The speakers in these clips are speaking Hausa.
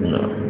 No.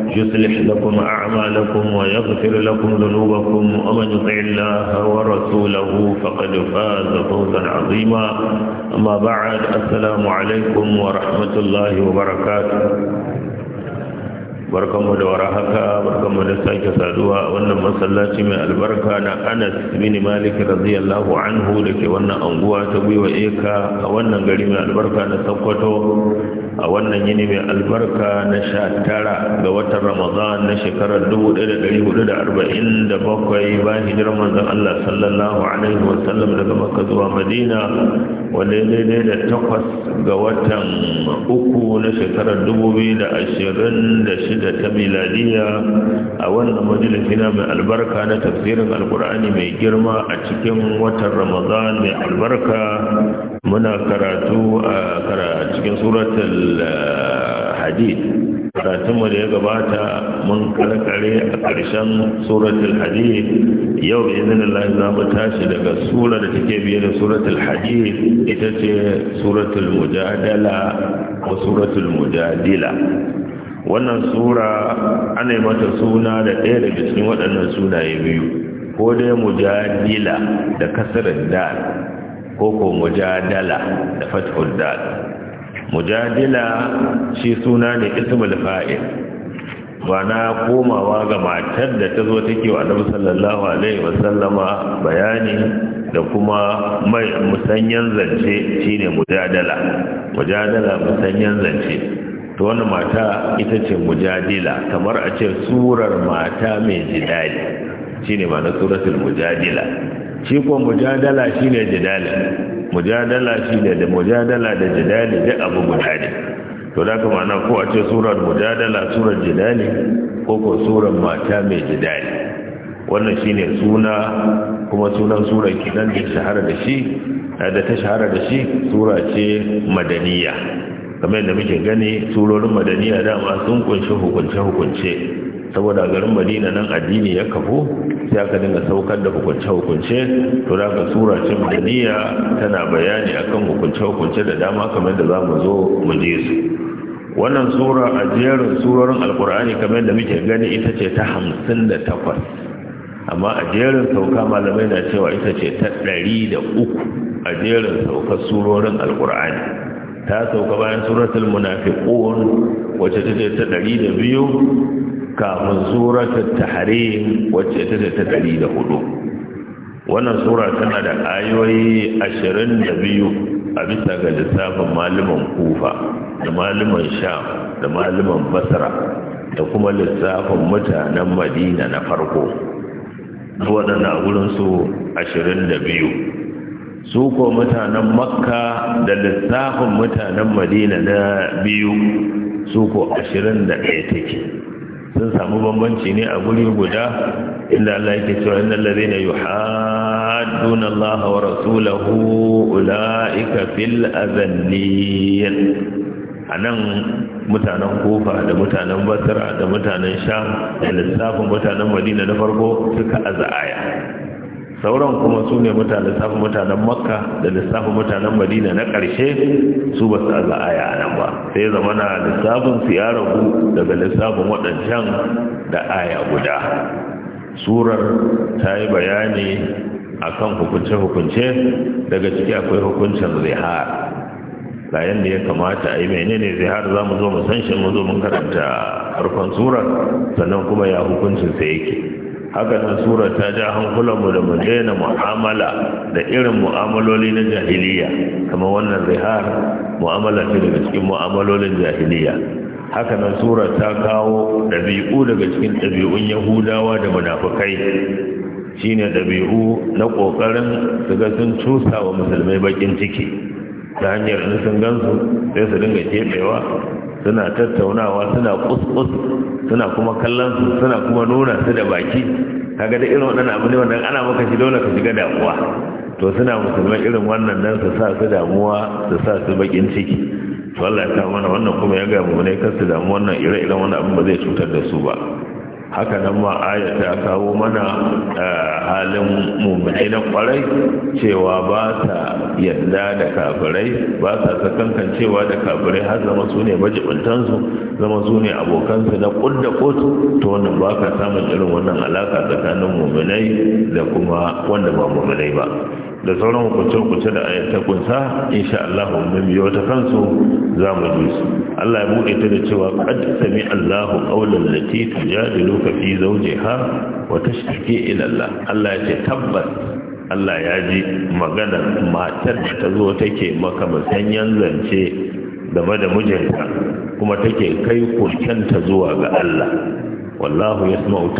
يصلح لكم أعمالكم ويغفر لكم ذنوبكم ومن يطع الله ورسوله فقد فاز فوزا عظيما أما بعد السلام عليكم ورحمة الله وبركاته barkanmu da warhaka barkanmu da sake saduwa a wannan masallaci mai albarka na anas bin malik radiyallahu anhu da ke wannan anguwa ta gwiwa eka a wannan gari mai albarka na sokoto a wannan yini mai albarka na sha ga watan ramadan na shekarar 1447 ba hijirar manzon allah sallallahu alaihi wasallam daga makka zuwa madina wanda ya daidai da takwas ga watan uku na shekarar da ashirin shida ta miladiya a wannan majalisi na mai albarka na tafsirin alkur'ani mai girma a cikin watan ramadan mai albarka muna karatu a cikin suratul eh, hadid karatunmu da ya gabata mun karkare a ƙarshen suratul hadid yau izinin izinillah za mu tashi daga sura da take biye da suratul hadid ita ce suratul mujadala ko suratul mujadila wannan sura ana mata suna da ɗaya daga cikin waɗannan sunaye biyu ko dai mujadila da kasarar dal ko ko mujadala da fathul dal mujadila shi suna ne ismul fa'il ba na komawa ga matar da ta zo take wa annabi sallallahu alaihi wasallama bayani da kuma mai musanyan zance shine mujadala mujadala musanyan zance to wannan mata ita ce mujadila kamar a ce surar mata mai jidali shine ma na suratul mujadila shi ko mujadala shine jidali mujadala shine da mujadala da jidali da abu guda to da kuma na ko a ce surar mujadala surar jidali ko ko surar mata mai jidali wannan shine suna kuma sunan surar kinan da shahara da shi da ta shahara da shi sura ce madaniya kamar yadda muke gani surorin madaniya dama sun kunshi hukunce-hukunce saboda garin madina nan addini ya kafu sai aka dinga saukar da hukunce-hukunce to da aka sura ce madaniya tana bayani akan hukunce-hukunce da dama kamar da za mu zo mu je su wannan sura a jerin surorin alkur'ani kamar da muke gani ita ce ta hamsin da takwas amma a jerin sauka malamai na cewa ita ce ta ɗari da uku a jerin sauka surorin alkur'ani ta sauka bayan suratul munafiqun wacce take ta biyu kafin suratul tahrim wacce ta ta ɗari da hudu wannan sura tana da ayoyi ashirin da biyu a bisa ga lissafin malaman kufa da malaman sham da malaman basra da kuma lissafin mutanen madina na farko waɗanda wurinsu ashirin da biyu su ko mutanen makka da lissafin mutanen madina na biyu su ko ashirin da ɗaya take sun samu bambanci ne a guri guda inda Allah yake cewa innal ladhina yuhadduna Allah wa rasulahu ulaika fil azalliyin anan mutanen Kufa da mutanen Basra da mutanen Sham da lissafin mutanen Madina na farko suka azaya sauran kuma su ne lissafin mutanen makka da lissafin mutanen madina na ƙarshe su ba su aya a nan ba sai zama na lissafin su ya rabu daga lissafin waɗancan da aya guda surar ta yi bayani akan hukunce-hukunce daga ciki akwai hukuncin zihar ga da ya kamata a yi menene zihar za mu zo mu san shi mu zo mun karanta farkon surar sannan kuma ya hukuncinsa yake haka nan sura ta ja hankulanmu da mu daina mu'amala da irin mu'amaloli na jahiliya kamar wannan rihar mu'amala ce daga cikin mu'amalolin jahiliya haka nan sura ta kawo ɗabi'u daga cikin ɗabi'un yahudawa da munafukai shine ɗabi'u na ƙoƙarin su ga sun cusa wa musulmai bakin ciki ta hanyar in sun gansu sai su dinga keɓewa suna tattaunawa suna kuskus suna kuma kallon su suna kuma nuna su da baki kaga da irin wannan abu ne wannan ana maka shi dole ka shiga damuwa to suna musulman irin wannan nan su sa su damuwa su sa su bakin ciki to Allah ya kawo mana wannan kuma ya ga mu ne kar su damu wannan ire-iren wannan abin ba zai cutar da su ba haka nan ma aya ta kawo mana eh, halin mummuni na kwarai cewa ba ta yadda da kafirai ba sa sakankan cewa da kafirai har zama su ne majibintansu zama su ne abokansu na kudda kotu to wannan ba ka samun irin wannan alaka tsakanin muminai da kuma wanda ba muminai ba da sauran hukunce-hukunce da ayat ta kunsa insha Allah mun ta kansu za mu ji su Allah ya bude ta da cewa qad sami Allahu qawlan lati tujadiluka fi zawjiha wa tashtaki ila Allah Allah ya ce tabbas Allah ya ji magana matar da ta zo take maka musanyan zance game da mijinta kuma take kai kurkenta zuwa ga Allah wallahu ya yasma'u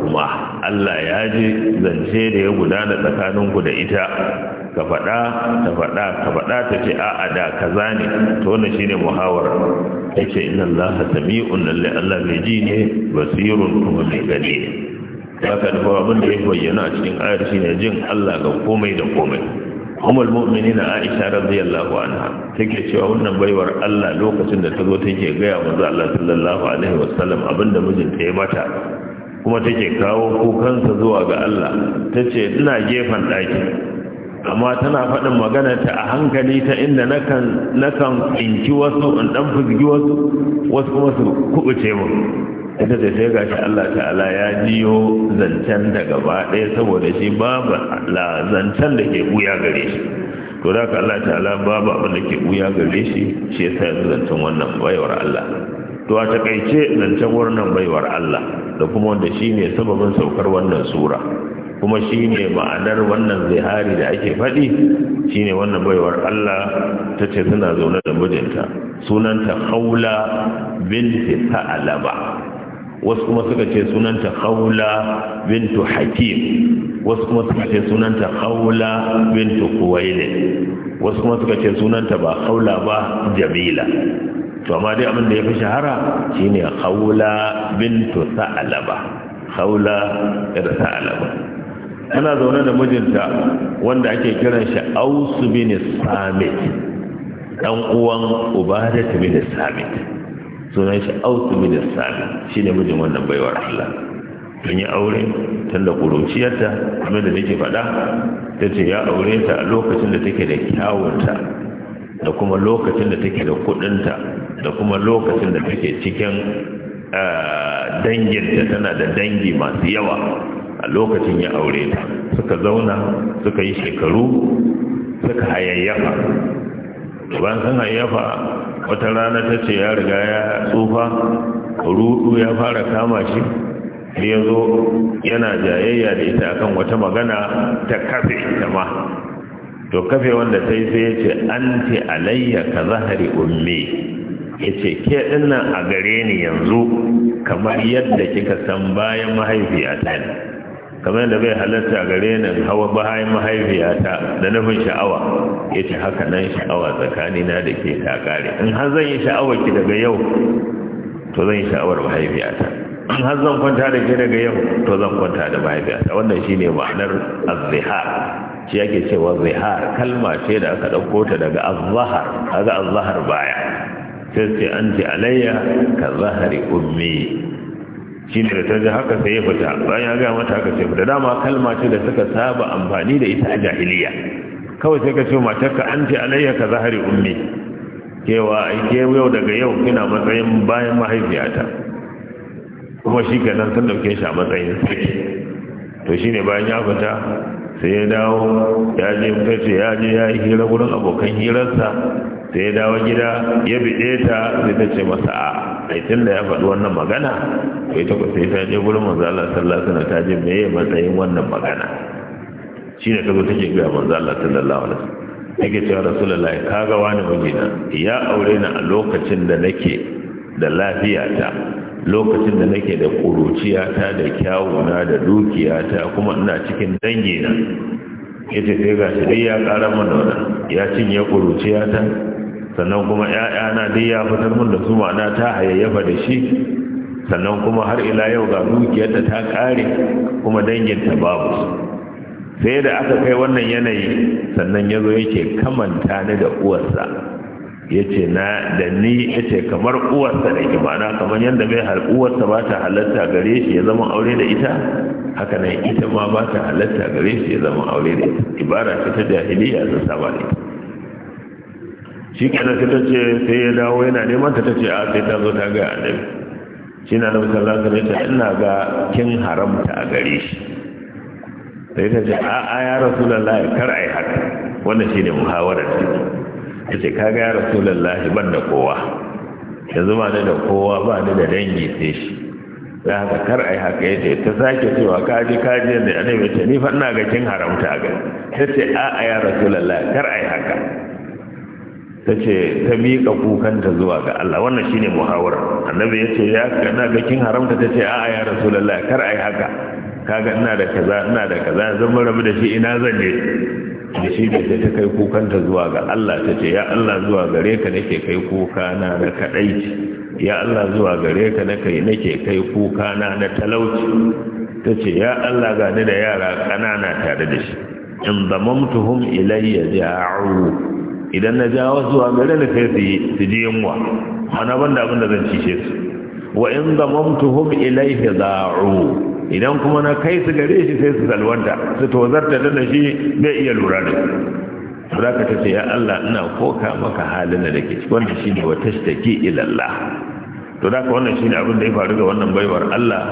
kuma. Allah ya ji zance da ya gudana tsakaninku da ita ka faɗa ta faɗa ka faɗa ta ce a'a da kaza ne to wannan shine ce ina za Allah sami'un lalle Allah mai ji ne basirun kuma mai gani ne ka da abin da ya bayyana a cikin ayar shi ne jin Allah ga komai da komai umar mu'minina aisha radiyallahu anha take cewa wannan baiwar Allah lokacin da ta zo take gaya manzo Allah sallallahu alaihi wasallam abinda mijinta ya mata kuma take kawo kukansa zuwa ga Allah ta ce ina gefen ɗaki amma tana faɗin magana ta a hankali ta inda nakan inci wasu in ɗan fuzgi wasu wasu kuma su kubuce mu ita da sai gashi Allah ta'ala ya jiyo zancen da gaba ɗaya saboda shi babu la zancen da ke buya gare shi to da ka Allah ta'ala babu abin da ke buya gare shi shi ya yanzu zancen wannan bayawar Allah to a takaice zancen wannan baiwar Allah da kuma wanda ne sababin saukar wannan sura kuma ne ma'anar wannan zihari da ake faɗi ne wannan baiwar Allah ta ce suna zaune da mijinta sunanta Khawla binti Sa'alaba wasu kuma suka ce sunanta Khawla bintu Hakim wasu kuma suka ce sunanta Khawla bintu Kuwailin wasu kuma suka ce sunanta ba haula ba Jamila to amma dai abin da ya fi shahara shine khawla bintu sa'laba khawla ir sa'laba ana zaune da mijinta wanda ake kiran shi aus bin samit dan uwan ubadat bin samit sunan shi aus bin samit shine mijin wannan baiwar Allah tun yi aure tun da ƙuruciyarta amma da nake faɗa ta ce ya aure ta a lokacin da take da kyawunta da kuma lokacin da take da kudinta da kuma lokacin da take cikin eh, danginta tana da dangi masu yawa a lokacin ya aure ta suka zauna suka yi shekaru suka hayayyafa ban san hayayyafa wata rana ta ce ya riga ya tsufa rudu ya fara kama shi yanzu ya zo yana jayayya da ita akan wata magana ta kafe ta ma to kafe wanda ta yi sai ya ce an alayya ka zahari ummi ya ce ke dinnan a gare ni yanzu kamar yadda kika san bayan mahaifiyata ne kamar yadda bai halatta gare ni hawa bayan mahaifiyata da nufin sha'awa ya ce haka nan sha'awa tsakanina da ke ta kare in har zan yi sha'awa ki daga yau to zan yi sha'awar mahaifiyata in har zan kwanta da ke daga yau to zan kwanta da mahaifiyata wannan shine ma'anar azzihar shi yake cewa zihar kalma ce da aka ɗauko ta daga azahar daga azahar baya sai ce an ji alayya ka zahari ummi shi ne da ta ji haka sai ya fita bayan ya ga mata haka sai Da dama kalma ce da suka saba amfani da ita a jahiliya kawai sai ka ce matarka an ji alayya ka zahari ummi cewa ke yau daga yau kina matsayin bayan mahaifiyata kuma shi kenan sun dauke shi a matsayin sai to shine bayan ya fita sai ya dawo ya je fice ya je ya yi hira wurin abokan hirarsa sai ya dawo gida ya bide ta sai ta ce masa a tun da ya faɗi wannan magana sai ta ku sai ta je wurin manzala sallallahu alaihi ta je ya matsayin wannan magana shi ne kazo take ga manzala sallallahu alaihi wasallam take cewa rasulullahi kaga wani mijina ya aure ni a lokacin da nake da lafiyata lokacin da nake da ƙuruciyata da kyawuna da dukiyata kuma ina cikin dangina ya ce sai ga shi dai ya ƙara mana ya cinye ƙuruciyata sannan kuma ‘ya'yana dai ya fitar mun da su ma'ana ta hayayyafa da shi sannan kuma har ila yau ga dukiyata ta ƙare kuma danginta babu sai da aka kai wannan yanayi sannan ya zo yake kamanta ni da uwarsa yace na da ni yace kamar uwarsa da ke ma'ana kamar yadda mai uwarsa ba ta halatta gare shi ya zama aure da ita haka nan ita ma ba ta halatta gare shi ya zama aure da ita ibara ce ta jahiliya sun saba da ita shi kana ta ce sai ya dawo yana neman ta tace a sai ta zo ta ga annabi shi na nabi sallallahu ta ce ina ga kin haramta a gare shi sai ta ce a a ya rasulullahi kar a yi haka wannan shine muhawarar take ya ce kaga ya rasulallahi ban da kowa ya zuma ni da kowa ba ni da dangi sai shi ya haka kar a yi haka ya ce ta sake cewa kaji kaji ne a nemi ta nifan ina ga kin haramta ga ta ce a a ya rasulallah kar a yi haka ta ce ta miƙa kukanta zuwa ga Allah wannan shine muhawar annabi ya ce ya kana ga kin haramta ta ce a a ya rasulallah kar a yi haka kaga ina da kaza ina da kaza zan rabu da shi ina zan je da shi da ta kai kukanta zuwa ga Allah ta ce ya Allah zuwa gare ka nake kai kuka na na kadai ya Allah zuwa gare ka nake nake kai kuka na na talauci ta ce ya Allah ga ni da yara kanana tare da shi in zamamtuhum ilayya ja'u idan na jawo zuwa gare ni sai su su ji yunwa ana banda abin da zan cishe su wa in zamamtuhum ilayhi da'u idan kuma na kai su gare shi sai su salwanta su tozarta da shi bai iya lura da su za ka ta ce ya Allah ina koka maka halin da ke wanda shi ne wata shi ilallah to da ka wannan shi ne abin da ya faru ga wannan baiwar Allah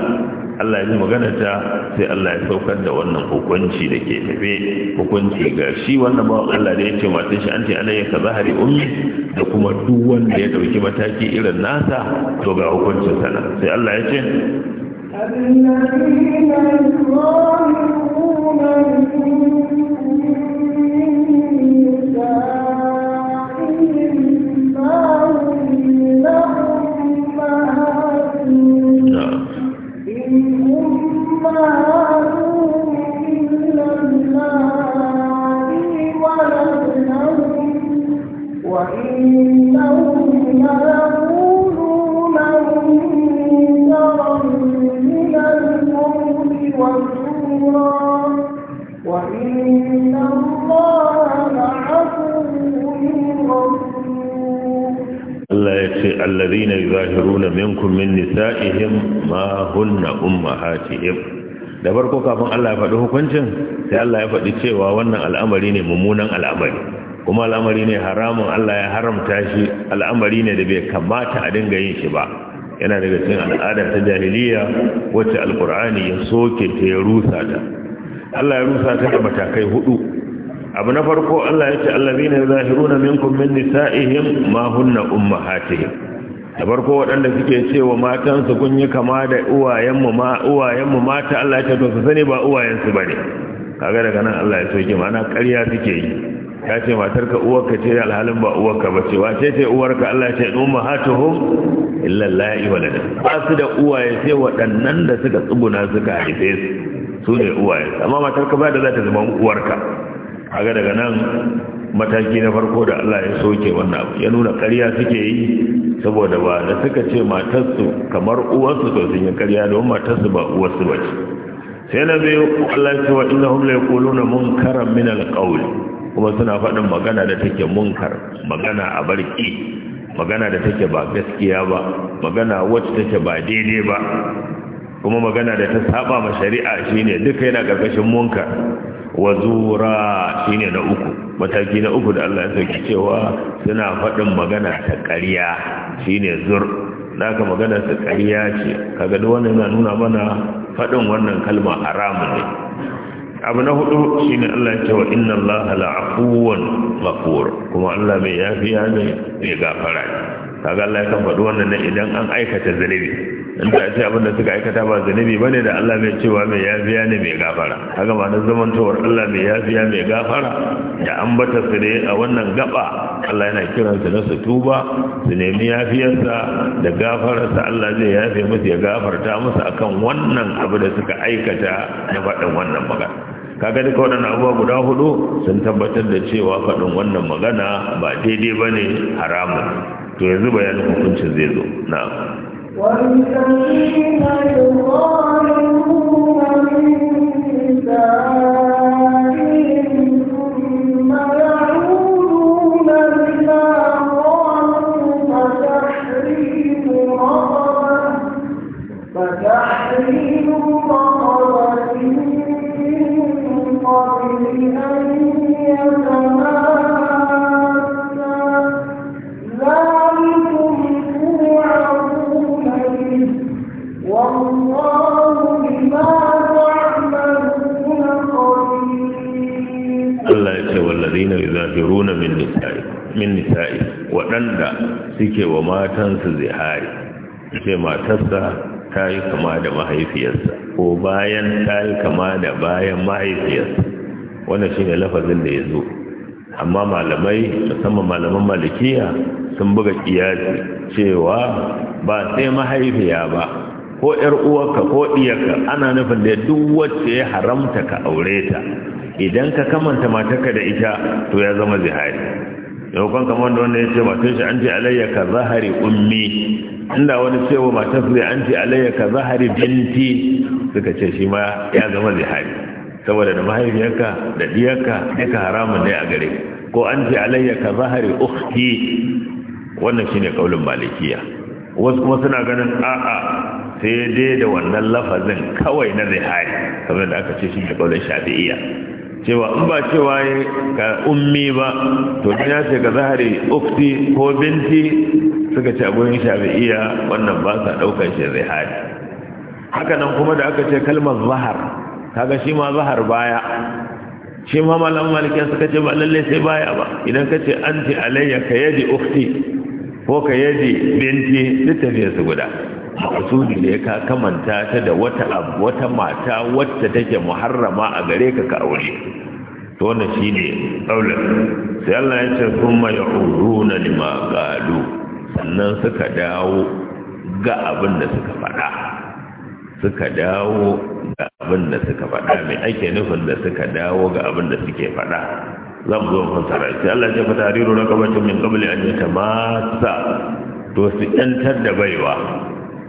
Allah ya ji maganarta sai Allah ya saukar da wannan hukunci da ke tafe hukunci ga shi wannan ba Allah da ya ce matan shi an ce ana yaka zahari ummi da kuma duk wanda ya dauki mataki irin nasa to ga hukuncin sana sai Allah ya ce الذين يظاهرون وإنهم لهم والزورا وإن الله معكم Allah ya ce, Allazi na zahiru na minkun Da farko kafin Allah ya faɗi hukuncin, sai Allah ya faɗi cewa wannan al'amari ne mummunan al'amari. Kuma al'amari ne haramun Allah ya haramta shi, al'amari ne da bai kamata a dinga yin shi ba. yana daga cikin al'ada ta jahiliya wacce alkur'ani ya soke ta ya rusa ta Allah ya rusa ta da matakai hudu abu na farko Allah ya ce allazina yuzahiruna minkum min nisa'ihim ma hunna ummahatihim da farko waɗanda suke cewa matansu kun yi kama da uwayenmu ma uwayenmu mata Allah ya ce to su sani ba uwayensu ba ne. kaga daga nan Allah ya soke mana ƙarya suke yi ya ce matarka uwarka ce alhalin ba uwarka ba ce wace ce uwarka Allah ce in ummahatuhum illa la'i walada ba su da uwaye sai waɗannan da suka tsubuna suka haife su su ne uwaye amma matarka ba da za ta zama uwarka kaga daga nan mataki na farko da Allah ya soke wannan abu ya nuna ƙarya suke yi saboda ba da suka ce matarsu kamar su to sun yi ƙarya matar matarsu ba uwar su ba ce sai na biyu Allah ya ce wa innahum la yaquluna munkaran min al kuma suna faɗin magana da take munkar magana a barki magana da take ba gaskiya ba magana wacce take ba daidai ba kuma magana da ta saba ma shari'a shine duka yana karkashin munkar wa zura shine na uku mataki na uku da Allah ya sauki cewa suna faɗin magana ta ƙarya shine zur naka magana ta ƙarya ce kaga duk wannan yana nuna mana faɗin wannan kalma haramun ne abu na hudu shine Allah ya ce wa inna Allah la'afuwan ghafur kuma Allah mai yafiya ne mai gafara ne kaga Allah ya kan faɗi wannan ne idan an aikata zanibi. in da ce abin da suka aikata ba ba bane da Allah mai cewa mai yafiya ne mai gafara kaga ma na zaman zamantowar Allah mai yafiya mai gafara da bata su ne a wannan gaba Allah yana su na su tuba su nemi yafiyarsa da gafararsa Allah zai yafe musu ya gafarta musu akan wannan abu da suka aikata na faɗin wannan magana Ka kaga duka waɗannan abubuwa guda hudu sun tabbatar da cewa faɗin wannan magana ba daidai ba ne haramun to yanzu bayanin hukuncin zai zo na yudahiruna min nisa'i min nisa'i waɗanda suke wa matansu zihari ce matarsa ta yi kama da mahaifiyarsa ko bayan ta yi kama da bayan mahaifiyarsa wannan shine lafazin da ya zo amma malamai musamman malaman malikiya sun buga kiyasi cewa ba sai mahaifiya ba ko ƴar uwarka ko ɗiyarka ana nufin da duk wacce ya haramta ka aure ta idan ka kamanta matarka da ita to ya zama zihari yaukon kamar da wanda ya ce matar shi an ce alayya zahari ummi inda wani cewa matar su an ce alayya zahari binti suka ce shi ma ya zama zihari saboda da mahaifiyarka da diyarka duka haramun ne a gare ko an ce alayya zahari ukhti wannan shine kaulin malikiya wasu kuma suna ganin a'a sai dai da wannan lafazin kawai na zihari kamar da aka ce shi ne kaulin shafi'iyya cewa in ba cewa ka ummi ba to dan ya ce ka zahari ukti ko binti suka ce abun shafi'iya wannan ba sa daukar shi zihari haka nan kuma da aka ce kalmar zahar kaga shi ma zahar baya shi ma malam malikiya suka ce ba lalle sai baya ba idan ka ce anti alayya ka yadi ukti ko ka yadi binti duk tafiyar su guda rasuli ne ka kamanta ta da wata wata mata wacce take muharrama a gare ka ka aure to wannan shine daular sai Allah ya ce kuma uruna lima qalu sannan suka dawo ga abin da suka faɗa suka dawo ga abin da suka faɗa mai ake nufin da suka dawo ga abin da suke faɗa zan zo tsara sai Allah ya fata riru na kabacin min qabli an yatamassa to su yantar da baiwa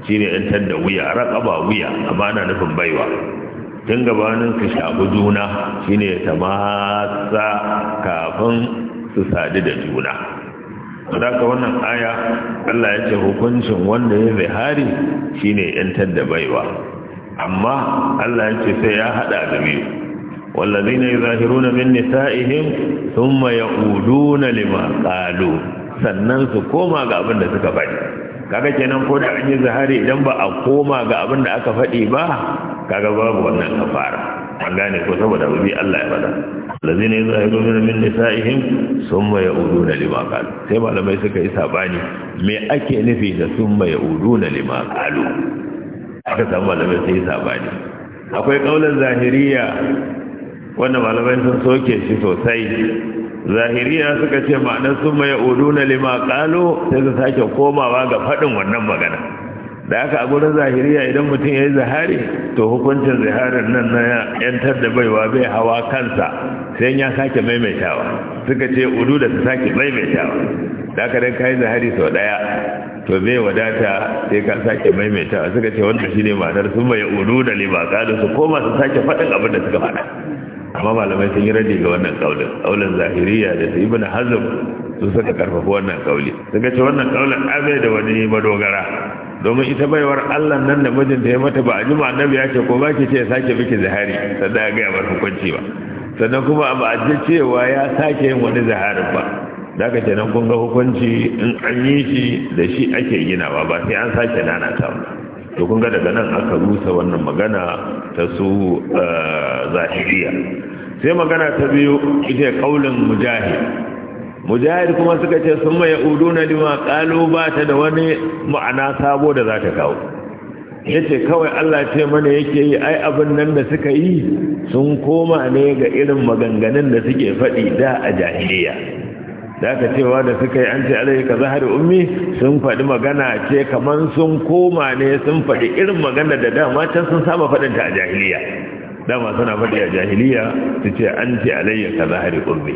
shine yantar da wuya raƙaba wuya amma ana nufin baiwa tun gabanin ka shafi juna shine ta tamasa kafin su sadu da juna ka wannan aya Allah ya ce hukuncin wanda ya zai shi shine yantar da baiwa amma Allah ya ce sai ya haɗa da biyu والذين يظاهرون من نسائهم ƙudu na lima ƙalu sannan su koma ga abin da suka faɗi kaga kenan ko da an yi zahari idan ba a koma ga abin da aka faɗi ba kaga babu wannan kafara an gane ko saboda wuri Allah ya faɗa lazina yuzahiruna min nisaihim summa yauduna lima qalu sai malamai suka yi sabani me ake nufi da summa yauduna lima qalu aka samu malamai sai sabani akwai kaulan zahiriya wanda malamai sun soke shi sosai zahiriya suka ce ma'anar sun mai oduna lima kalo sai su sake komawa ga faɗin wannan magana da aka a gurin zahiriya idan mutum ya yi zahari to hukuncin zaharin nan na yantar da baiwa bai hawa kansa sai ya sake maimaitawa suka ce udu da su sake maimaitawa da aka dan kayi zahari sau ɗaya to bai wadata sai ka sake maimaitawa suka ce wanda shi ne ma'anar sun mai udu da lima kalo su koma su sake faɗin abin da suka faɗa amma malamai sun yi rage ga wannan kaulin kaulin zahiriya da su ibn hazm sun suka karfafa wannan kauli suka ce wannan kaulin abe da wani madogara domin ita baiwar Allah nan da mijinta ya mata ba a jima annabi ya ce ko ba ki ce ya sake miki zahari sannan ya gaya bar hukunci ba sannan kuma ba a ji cewa ya sake yin wani zaharin ba da aka kenan kun ga hukunci in an yi shi da shi ake ginawa ba sai an sake nana ta ba to kun ga daga nan aka rusa wannan magana ta su eh, zahiriya sai magana ta biyu ita kaulin mujahid mujahid kuma suka ce sun mai uduna lima qalu ba ta da wani ma'ana sabo da za ta kawo yace kawai Allah ce mana yake yi ai abin nan da suka yi sun koma ne ga irin maganganun da suke faɗi da a jahiliya da aka cewa da suka yi an ce alai ka zahari ummi sun faɗi magana ce kamar sun koma ne sun faɗi irin magana da dama can sun saba faɗinta a jahiliya dama suna faɗi a jahiliya su ce an ce alai ka zahari ummi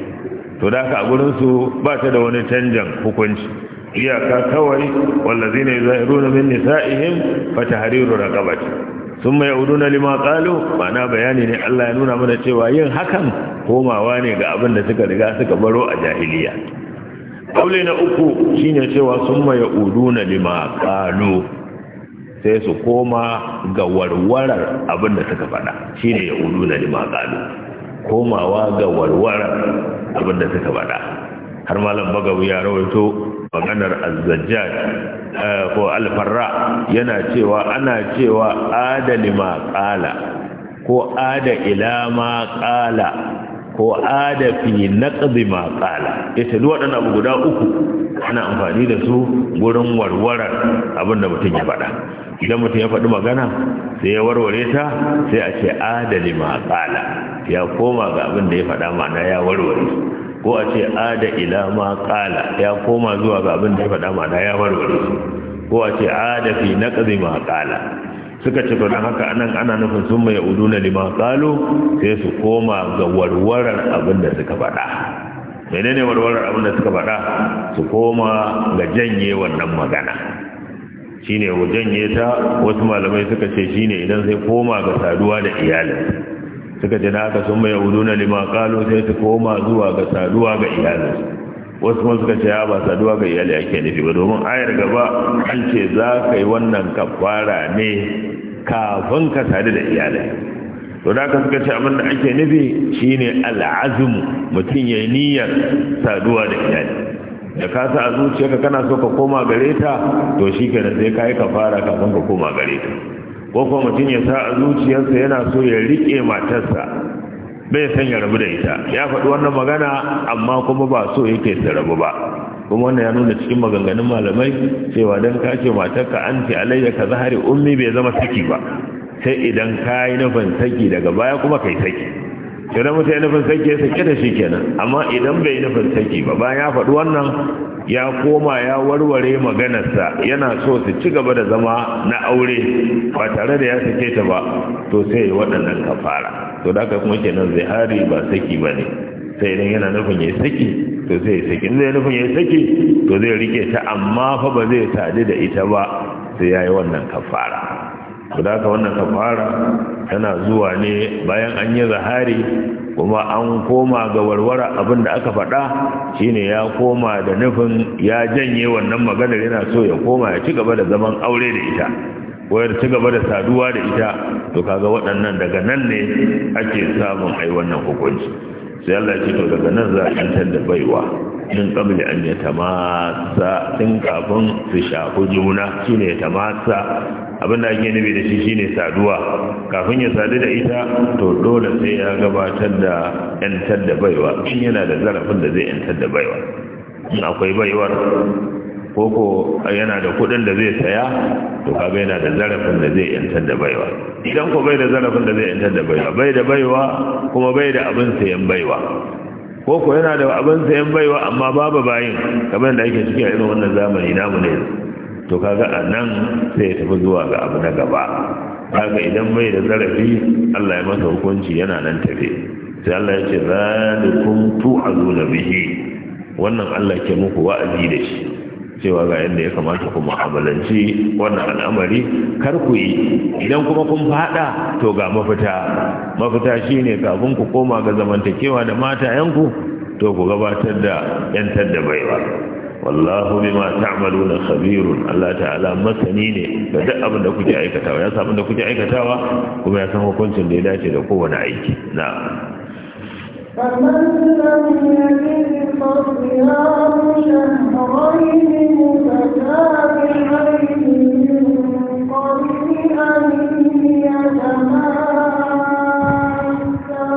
to da aka a gurinsu ba ta da wani canjan hukunci iyaka kawai wallazi wallazina yuzahiruna min nisa'ihim fa tahriru raqabati sun mai uduna lima kalu mana bayani ne Allah ya nuna mana cewa yin hakan komawa ne ga abinda da suka riga suka baro a jahiliya kaule na uku shine cewa sun mai uduna lima kalu sai su koma ga warwarar abin suka faɗa shine ya uduna lima kalu komawa ga warwarar abin suka faɗa har malam bagawu ya rawaito maganar azzajjaj eh, ko alfarra yana cewa ana cewa adali ma qala ko ada ila ma qala ko ada fi naqdi ma qala ita duk waɗannan abu guda uku ana amfani da su gurin warwarar abin da mutum ya faɗa idan mutum ya faɗi magana sai ya warware ta sai a ce adali ma qala ya koma ga abin da ya faɗa ma'ana ya warware ko a ce ada ila ma qala ya koma zuwa ga abin da ya faɗa da ya warware su ko a ce ada fi naqzi ma qala suka ce don haka anan ana nufin sun mai uduna lima qalu sai su koma ga warwarar abin da suka faɗa menene warwarar abin da suka faɗa su koma ga janye wannan magana shine wajen ta wasu malamai suka ce shine idan sai koma ga saduwa da iyalin suka ce da aka sun mai na lima kalo sai su koma zuwa ga saduwa ga iyalin wasu kuma suka ce ya ba saduwa ga iyali ake nufi ba domin ayar gaba an ce za ka yi wannan kafara ne kafin ka sadu da iyalai to da aka suka ce abin da ake nufi shine al'azum mutum ya niyyar saduwa da iyali da ka sa a zuciyarka kana so ka koma gare ta to shi kenan sai ka yi kafara kafin ka koma gare ko kuma mutum ya sa a zuciyarsa yana so ya rike matarsa bai san ya rabu da ita ya faɗi wannan magana amma kuma ba so yake ta rabu ba kuma wannan ya nuna cikin maganganun malamai cewa dan ka ce matarka an ce alayya ka zahari ummi bai zama saki ba sai idan ka yi nufin saki daga baya kuma kai saki idan da ya nufin sake sake da shi kenan amma idan bai nufin sarki ba bayan ya faɗi wannan ya koma ya warware maganarsa yana so su ci gaba da zama na aure ba tare da ya sake ta ba to sai ya waɗannan kafara to da kuma kenan zai hari ba saki ba ne sai idan yana nufin ya saki to sai ya saki idan nufin ya saki to zai rike ta amma fa ba zai sadu da ita ba sai ya yi wannan kafara to da wannan kafara tana zuwa ne bayan an yi zahari kuma an koma ga warwara abin da aka faɗa shine ya koma da nufin ya janye wannan maganar yana so ya koma ya ci gaba da zaman aure da ita wayar ci gaba da saduwa da ita to kaga waɗannan daga nan ne ake samun ai wannan hukunci sai Allah ya ce to daga nan za a kantar da baiwa in kabli an ya sa din kafin su shafi juna shine ya sa abin da ake nabi da shi shine saduwa kafin ya sadu da ita to dole sai ya gabatar da yantar da baiwa shi yana da zarafin da zai yantar da baiwa in akwai baiwar koko yana da kudin da zai saya to kaga yana da zarafin da zai yantar da baiwa idan ko bai da zarafin da zai yantar da baiwa bai da baiwa kuma bai da abin sayan baiwa koko yana da abin sayan baiwa amma babu bayin kamar da ake ciki a irin wannan zamani namu ne to kaga a nan sai ya tafi zuwa ga abu na gaba kaga idan bai da zarafi Allah ya masa hukunci yana nan tafe sai Allah ya ce zalikum tu'azuna bihi wannan Allah ke muku wa'azi da shi cewa ga yadda ya kamata ku mu'amalanci wannan al'amari kar ku yi idan kuma kun fada to ga mafita mafita shine kafin ku koma ga zamantakewa da matayenku to ku gabatar da yantar da baiwa wallahu bima ta'maluna khabirun Allah ta'ala masani ne da duk abin da kuke aikatawa ya san abin da kuke aikatawa kuma ya san hukuncin da ya dace da kowane aiki na'am فمن لم يجد فصيام شهرين متتابعين من قبل أن يتماسا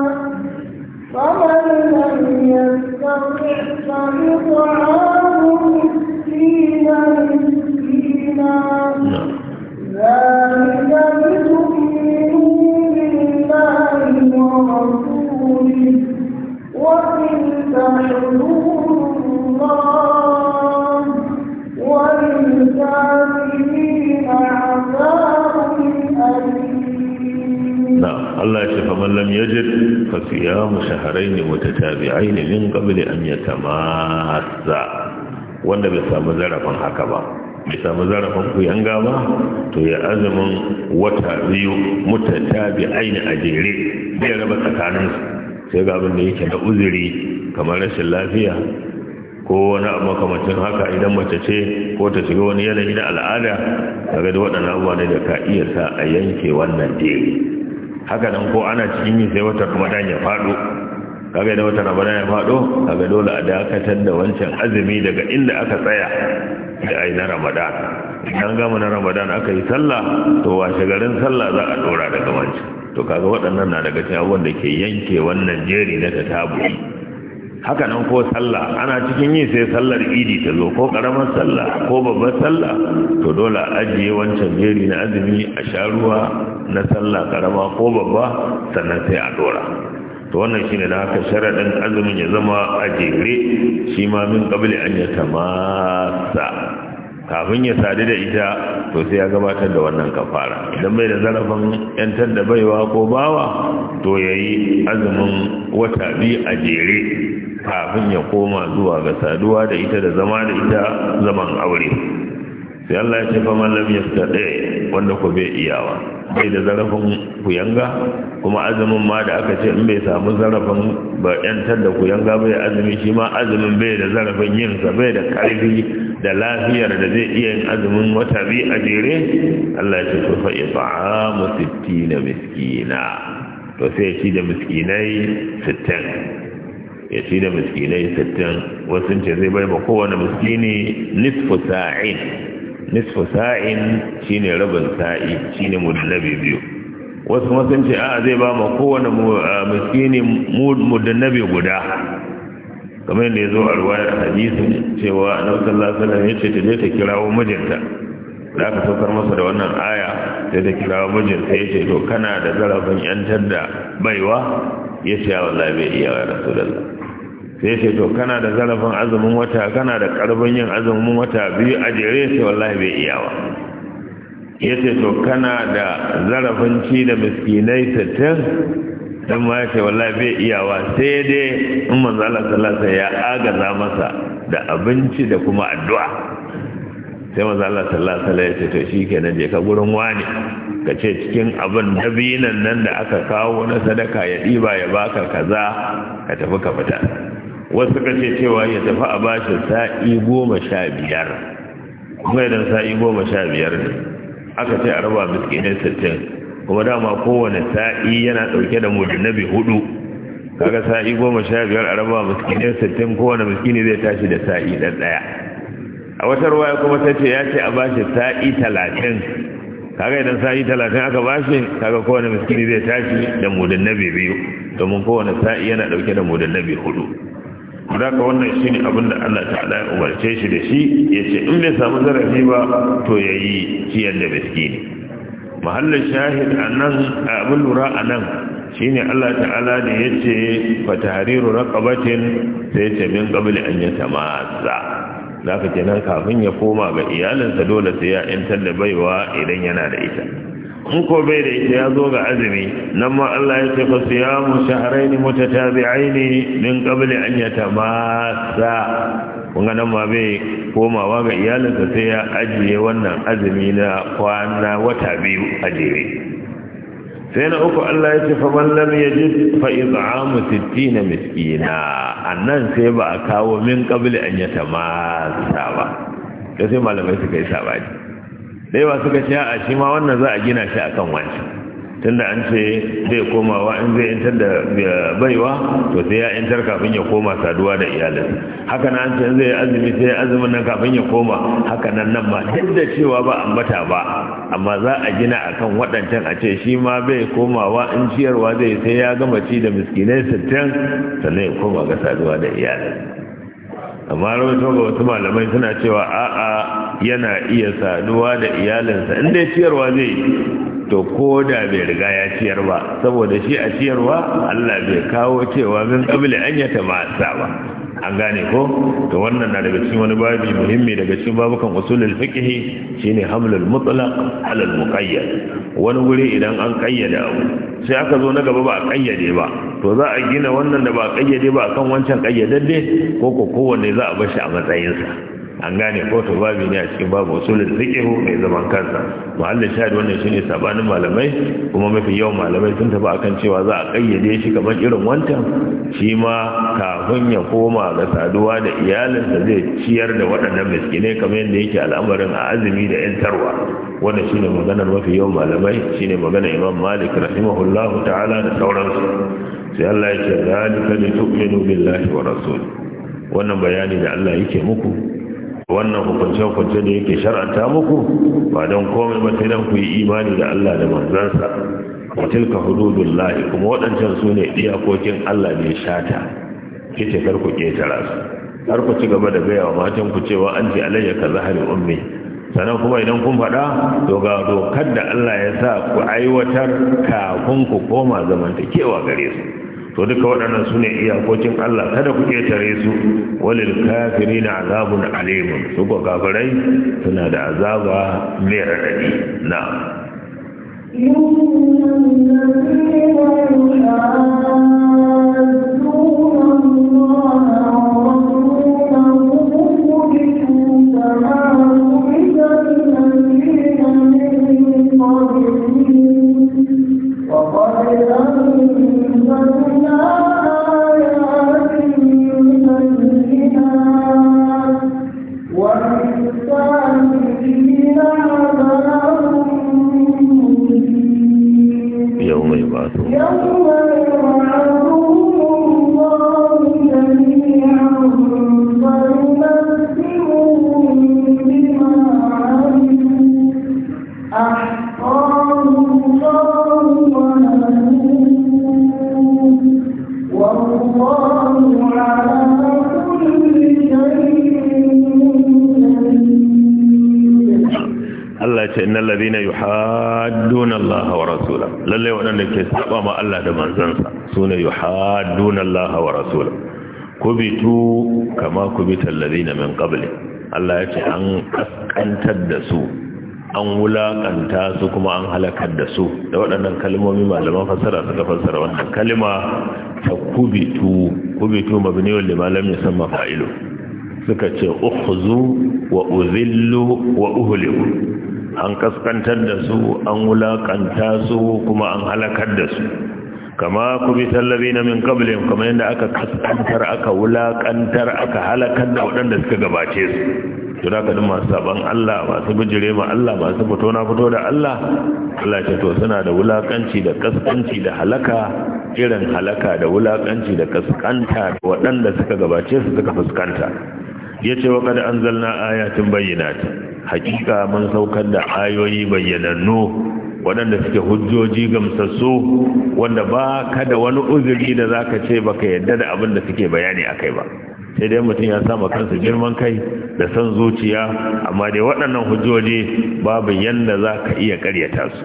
فمن لم يستطع فإطعام مسكينا مسكينا نعم. ذلك Allah ce fa mallam yajid fa siyamu shahrayn mutatabi'ain min qabl an yatamassa wanda bai samu zarafin haka ba bai samu zarafin kuyanga ba to ya azumin wata biyu mutatabi'ain a jere bai raba tsakaninsu? sai ga abin da yake da uzuri kamar rashin lafiya ko wani abu makamacin haka idan mace ce ko ta shiga wani yanayi na al'ada daga da waɗannan abubuwa ne da ka iya sa a yanke wannan jeri haka nan ko ana cikin yi sai wata dan ya faɗo kaga da wata ramadan ya faɗo kaga dole a dakatar da wancan azumi daga inda aka tsaya da ai na ramadan idan gama na ramadan aka yi sallah to washe garin sallah za a ɗora daga wancan to kaga waɗannan na daga cikin abubuwan da ke yanke wannan jeri na tatabu. haka nan ko sallah ana cikin yi sai sallar idi ta zo ko karamar sallah ko babbar sallah to dole a ajiye wancan jeri na azumi a sha ruwa na sallah karama ko babba sannan sai a dora to wannan shine da haka sharadin azumin ya zama a jere shi ma min qabli an yatamasa kafin ya sadu da ita to sai ya gabatar da wannan kafara idan bai da zarafin yantar da baiwa ko bawa to yayi azumin wata biyu a jere kafin ya koma zuwa ga saduwa da ita da zama da ita zaman aure sai Allah ya ce fa man lam yastati wanda ko bai iyawa bai da zarafin kuyanga kuma azumin ma da aka ce in bai samu zarafin ba yantar da kuyanga bai azumi shi ma azumin bai da zarafin yin sa bai da karfi da lafiyar da zai iya yin azumin wata bi a jere Allah ya ce to fa it'amu 60 miskina to sai shi da miskinai 60 ya ci da miskinai sittin wasu ce zai bai ba kowane miskini nisfu sa'in nisfu sa'in shine rabin sa'i shine mudannabi biyu wasu masu sun ce a zai ba ma kowane ah, miskini mudannabi guda kamar yadda ya zo a ruwayar hadisun cewa na sallallahu alaihi ya ce ta je ta kirawo mijinta da aka saukar masa da wannan aya ta ta kirawo mijinta ya ce to kana da zarafin yantar da baiwa ya ce ya wallahi bai iya ya rasulullah sai ce to kana da zarafin azumin wata kana da karfin yin azumin wata biyu a jere sai wallahi bai iyawa ya ce to kana da zarafin ci da miskinai sittin don ma ya ce wallahi bai iyawa sai dai in manzo Allah sallallahu ya agaza masa da abinci da kuma addu'a sai manzo Allah sallallahu alaihi ya ce to nan je ka gurin wani ka ce cikin abin dabinan nan da aka kawo na sadaka ya ɗiba ya baka kaza ka tafi ka fita wasu suka ce cewa ya tafi a bashin sa'i goma sha biyar kuma idan sa'i goma sha biyar ne aka ce a raba miskinin sittin kuma dama kowane sa'i yana ɗauke da mujinabi hudu kaga sa'i goma sha biyar a raba miskinin sittin kowane miskini zai tashi da sa'i ɗaya a wata ruwaya kuma ta ce ya ce a bashin sa'i talatin kaga idan sa'i talatin aka bashi kaga kowane miskini zai tashi da mujinabi biyu domin kowane sa'i yana ɗauke da mujinabi hudu da ka wannan shi abin da Allah ta'ala ya umarce shi da shi ya ce in bai samu zarafi ba to ya yi ciyar da biski ne. mahallin shahid a nan abin lura a nan shi ne Allah ta'ala da ya ce Hariru na raqabatin sai ce min qabli an ka ce nan kafin ya koma ga iyalinsa dole sai ya yantar da baiwa idan yana da ita in ko bai da ita ya zo ga azumi nan ma Allah ya ce fa siyamu shahrayn mutatabi'ain min qabli an yatamassa kun ga nan ma bai komawa ga iyalinsa sai ya ajiye wannan azumi na kwana wata biyu a jere sai na uku Allah ya ce fa man lam yajid fa iz'amu 60 miskina annan sai ba a kawo min qabli an yatamassa ba sai malamai suka yi sabani da yawa suka ce a shi ma wannan za a gina shi akan wancan tunda an ce zai komawa in zai intar da baiwa to sai ya intar kafin ya koma saduwa da iyalin haka nan an ce zai zai azumi sai ya azumin nan kafin ya koma haka nan nan ma duk da cewa ba ambata ba amma za a gina akan waɗancan a ce shi ma bai komawa in ciyarwa zai sai ya gama ci da miskinai sittin sannan ya koma ga saduwa da iyalin amma rawaito ga wasu malamai suna cewa a'a yana iya saduwa da iyalinsa inda ya ciyarwa zai to ko da bai riga ya ciyar ba saboda shi a ciyarwa Allah bai kawo cewa min qabli an yata ma'asa ba an gane ko to wannan na daga cikin wani babi muhimmi daga cikin babukan usulul fiqh shine hamlul mutlaq ala al muqayyad wani wuri idan an kayyade abu sai aka zo na gaba ba a kayyade ba to za a gina wannan da ba a kayyade ba akan wancan kayyadadde ko ko kowanne za a bar shi a matsayinsa an gane ko babu ne a cikin babu usulul fiqh mai zaman kansa muallin shahid wannan shine sabanin malamai kuma mafi yawan malamai sun tafi akan cewa za a kayyade shi kamar irin wancan shi ma kafin ya koma ga saduwa da iyalinsa zai ciyar da waɗannan miskinai kamar yadda yake al'amarin a azumi da yantarwa wannan shine maganar mafi yawan malamai shine maganar imam malik rahimahullahu ta'ala da sauransu sai Allah ya ce zalika li tu'minu billahi wa rasuli wannan bayani da Allah yake muku wannan hukunce-hukunce da yake shar'anta muku ba don komai ba sai don ku yi imani da Allah da manzansa wa tilka hududun kuma waɗancan su ne iyakokin Allah ne shata kike kar ku ketara su har ku ci gaba da gaya wa matan ku cewa an ji alayya ka zaharin ummi sannan kuma idan kun faɗa to ga dokar da Allah ya sa ku aiwatar kafin ku koma zamantakewa gare su to duka waɗannan su ne iyakokin Allah kada ku ƙetare su walil kafiri na azabun alimun su ko kafirai suna da azaba mai raɗaɗi na يُؤْمِنُونَ بِمَا Allah ce innal ladina yuhadduna Allah wa rasulahu lalle wadanda ke saba ma Allah da manzansa sune yuhadduna Allah wa rasulahu kubitu kama kubital ladina min qabli Allah ya ce an kaskantar da su an wulakanta su kuma an halakar da su da waɗannan kalmomi malaman fasara, suka fassara wannan kalma ta kubitu kubitu mabniyun lima lam yusamma fa'ilu suka ce ukhzu wa uzillu wa uhliku an kaskantar da su an wulakanta su kuma an halakar da su kama kubi tallabi na min kablin kuma yadda aka kaskantar aka wulakantar aka halakar da waɗanda suka gabace su tura ka masu saban Allah masu bijire ma Allah masu fito na fito da Allah Allah ce to suna da wulakanci da kaskanci da halaka irin halaka da wulakanci da kaskanta da waɗanda suka gabace su suka fuskanta ya ce wa kada an zalna ayatin bayyanata hakika mun saukar da ayoyi bayyanannu waɗanda suke hujjoji gamsassu wanda ba ka da wani uzuri da zaka ce baka yadda da abin da suke bayani a kai ba sai dai mutum ya sama kansa girman kai da son zuciya amma dai waɗannan hujjoji babu yadda za ka iya ƙaryata su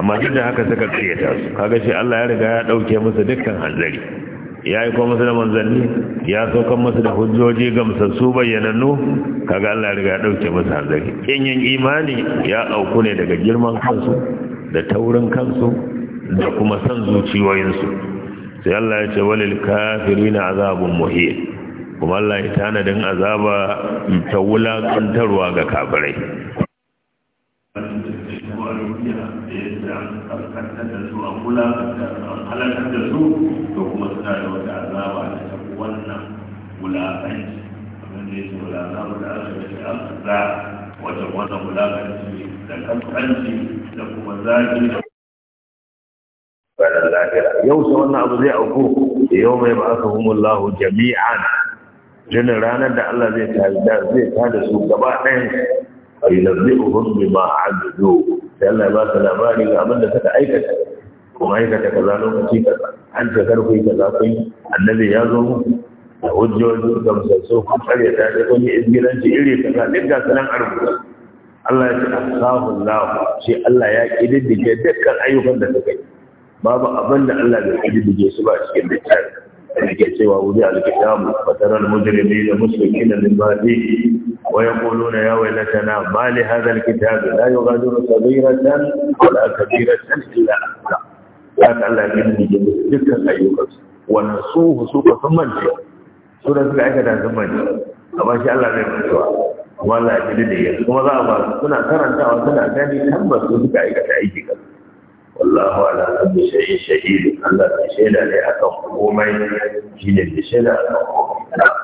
amma duk da haka suka karyata su kaga shi Allah ya riga ya ɗauke musu dukkan hanzari ya yi kuma masu da manzanni ya saukan masu da hujjoji gamsassu bayyananu kaga Allah riga ya dauke masu hanzari in yin imani ya auku ne daga girman kansu da taurin kansu da kuma san zuciyoyinsu sai Allah ya ce walil na azabun muhe kuma Allah ya tanadin azaba ta wulakantarwa ga kafirai karkantar da su an wulakantar an halakar da su to kuma suna da wata azaba da ta wannan wulakanci abin da yake wulakanci da aka yi an za wata wannan wulakanci da kankanci da kuma zaki da ranar yau sa wannan abu zai auku yau mai ba aka humun lahu jami'an jinin ranar da Allah zai tada zai tada su gaba ɗayan a yi zai uhun bi ma ajiyo sai Allah ba ka labari ga abin da suka aikata kuma aikata kaza lokaci kaza an ce kar ku kaza ku yi annabi ya zo muku da hujjoji da musassu kun tsare ta ce kun yi izgilanci iri kaza duk ga sanan a Allah ya ce asahun lahu shi Allah ya kididdige dukkan ayyukan da suka yi babu abin da Allah bai kididdige su ba cikin littafi da ke cewa wuri alkitabu fataral mujrimina muslimina min ba'di ويقولون يا ويلتنا ما لهذا الكتاب لا يغادر صغيرة ولا كبيرة إلا أحسنها لكن الله يمني جميع تلك الأيوكس ونسوه سوق ثمانية سورة العجلة ثمانية أما شاء الله لا يمنسوها kuma Allah ya ji da yanzu kuma za a ba suna karantawa suna gani kan su suka aikata aiki kan wallahu ala kulli shay'in shahid Allah ya shaida ne akan komai shine da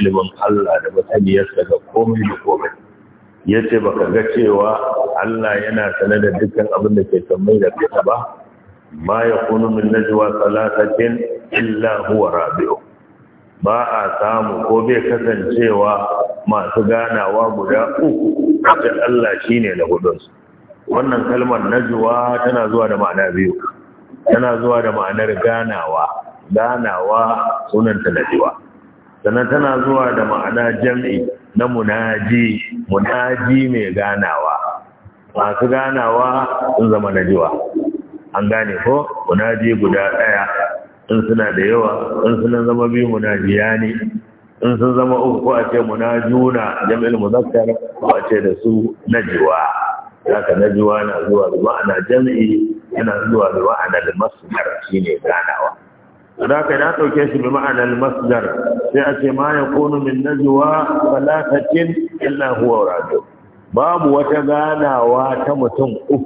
ilimin Allah da masaniyarsa ga komai da komai ya ce baka ga cewa Allah yana sane da dukkan abin da ke sammai da fita ba ma ya kunu min najwa salatatin illa huwa rabi'u ba a samu ko bai kasancewa masu ganawa guda uku kafin Allah shine na hudunsu wannan kalmar najwa tana zuwa da ma'ana biyu tana zuwa da ma'anar ganawa ganawa sunanta najwa sannan tana zuwa da ma'ana jam'i na munaji munaji mai ganawa masu ganawa sun zama na jiwa an gane ko munaji guda ɗaya in suna da yawa in suna zama biyu ya ne in sun zama uku ko a ce munajuna jam'il muzakkar ko a ce da su najiwa zaka najiwa na zuwa da ma'ana jam'i yana zuwa da ma'ana da masu harci ne ganawa ذاك لا توكيش بمعنى المصدر سيأتي ما يكون من نجوى ثلاثة إلا هو راجع باب وتغانا واتمتم أف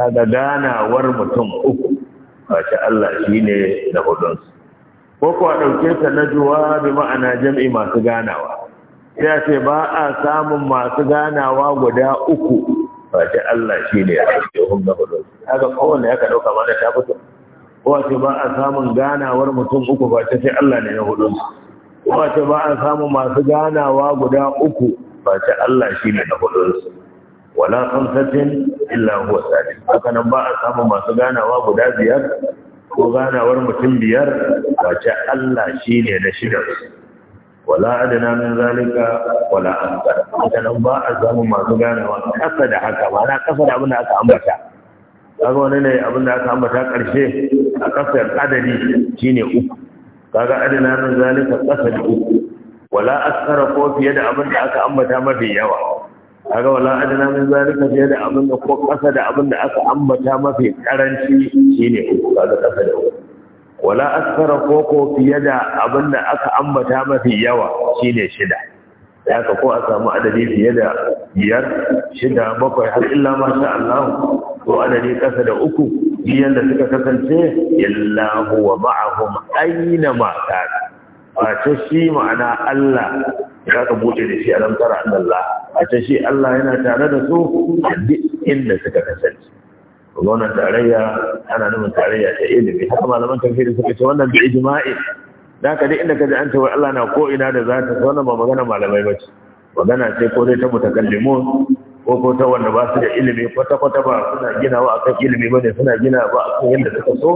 هذا غانا ورمتم أف ما شاء الله شيني نهدنس وقوى توكيش نجوى بمعنى جمع ما تغانا سيأتي باء سام ما تغانا وغدا أكو ما شاء الله شيني نهدنس هذا قول لك لو كمان تابتم wace ba a samun ganawar mutum uku ba ta sai Allah ne na hudun wace ba a samun masu ganawa guda uku ba ta Allah shi ne na hudun wala khamsatin illa huwa sadin haka nan ba a samun masu ganawa guda biyar ko ganawar mutum biyar ba ta Allah shi ne na shida wala adana min zalika wala akbar haka nan ba a samun masu ganawa kasa da haka ba na kasa da abin da aka ambata kaga wani ne abin da aka ambata karshe a kasar adadi shine uku kaga adana nan zalika kasar uku wala askara ko fiye da abin da aka ambata mafi yawa kaga wala adana min zalika fiye da abin da ko kasa da abin da aka ambata mafi karanci shine uku kaga kasa da uku wala askara ko ko fiye da abin da aka ambata mafi yawa shine shida Ya ka ko a samu adadi fiye da biyar shida bakwai har illa masha Allah ko adadi ƙasa da uku biyan da suka kasance illa huwa ma'ahum aina ma kana wato shi ma'ana Allah ya ka bude da shi a lantara Allah wato shi Allah yana tare da su a duk inda suka kasance wannan tarayya ana nufin tarayya ta ilimi haka malaman tafsiri suka ce wannan bi ijma'i da ka duk inda ka ji an ce wai Allah na ko ina da zata wannan ba magana malamai ba ce magana ce ko dai ta mutakallimun ko ta wanda ba su da ilimi kwata-kwata ba suna gina ginawa akan ilimi ba ne suna gina ba a kan yadda suka so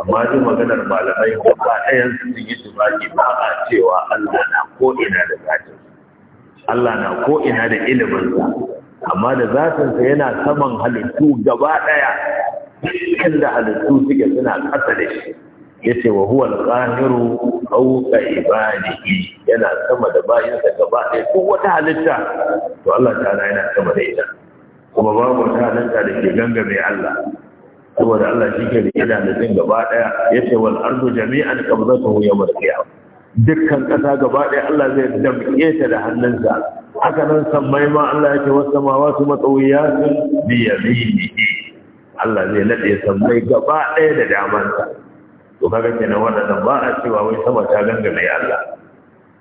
amma duk maganar malamai ko ba ɗayan su sun yi tumaki ba a cewa Allah na ko'ina da zatin Allah na ko da ilimin sa amma da zatin sa yana saman halittu gaba ɗaya inda halittu suke suna ƙasa da shi yace wa huwa al-qahiru fawqa ibadihi yana sama da sa gaba ɗaya ko wata halitta to Allah ta'ala yana sama da ita kuma babu wata halitta da ke mai Allah saboda Allah shi ke rike da halittun gaba ɗaya yace wal ardu jami'an qabdatuhu yawmal qiyamah dukkan ƙasa gaba ɗaya Allah zai damƙe ta da hannunsa haka nan sammai ma Allah yake wasu samawati matsawiyatun bi yaminihi Allah zai nade sammai gaba ɗaya da damansa to kaga kenan wannan ba a cewa wai sama ta gangame Allah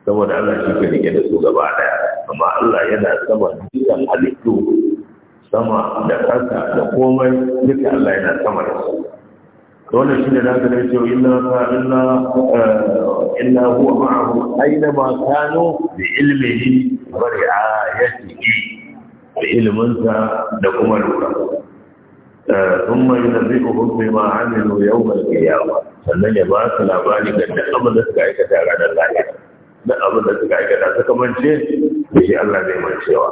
saboda Allah shi ke rike da su gaba daya amma Allah yana sama dukkan halittu sama da ƙasa da komai duka Allah yana sama da su dole shi ne zaka dace wa illa fa illa eh, illa huwa ma'ahu aina ma kanu bi ilmihi wa ri'ayatihi bi ilminsa da kuma lura ثم ينبئهم بما عملوا يوم القيامة sannan ya ba su labari ga duk abin da suka aikata ranar lahira duk abin da suka aikata suka mance da shi Allah zai mancewa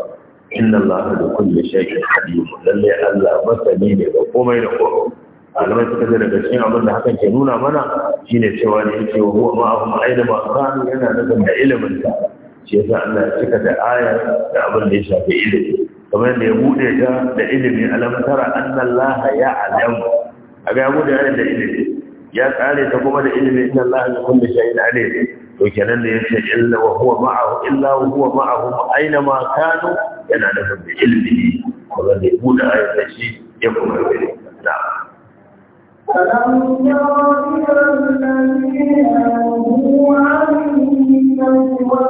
inna Allah da kulli shay'in alim lalle Allah masani ne ga komai da komai alamai suka ce daga cikin abin da hakan ke nuna mana shine cewa ne yake wa huwa ma'ahum aina ma kanu yana nufin da ilimin sa shi yasa Allah ya cika da aya da abin da ya shafi ilimi kamar da ya bude ta da ilimi alam tara anna allaha a ga ya bude da ilimi ya tsare ta kuma da ilimi inna allaha bi kulli shay'in alim to kenan da yace illa wa huwa ma'ahu illa wa huwa ma'ahu aina ma kanu yana da bi ilmi kamar da ya bude ayat shi ya kuma bude da فلم يرى الذين هو عن النجوى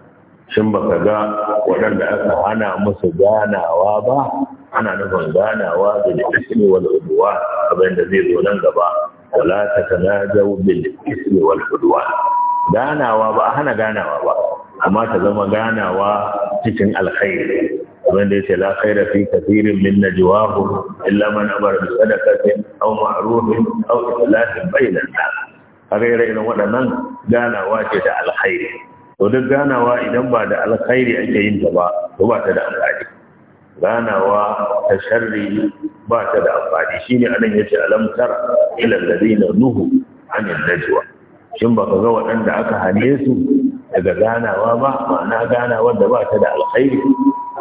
shin ba ka ga waɗanda aka hana musu ganawa ba ana nufin ganawa da da ismi wal udwa abin da zai zo nan gaba wala tatanajau bil ismi wal udwa ganawa ba a hana ganawa ba amma ta zama ganawa cikin alkhairi abin da yace la khaira fi kathirin min najwahum illa man amara bi sadaqatin aw ma'rufin aw islahin bainan nas kaga irin waɗannan ganawa ce da alkhairi to duk ganawa idan ba da alkhairi ake yin ta ba to ba ta da alkhairi ganawa ta sharri ba ta da amfani shine anan yace alam tara ila alladhina nuhu anil najwa shin ba ka ga waɗanda aka hane su daga ganawa ba ma'ana ganawar da ba ta da alkhairi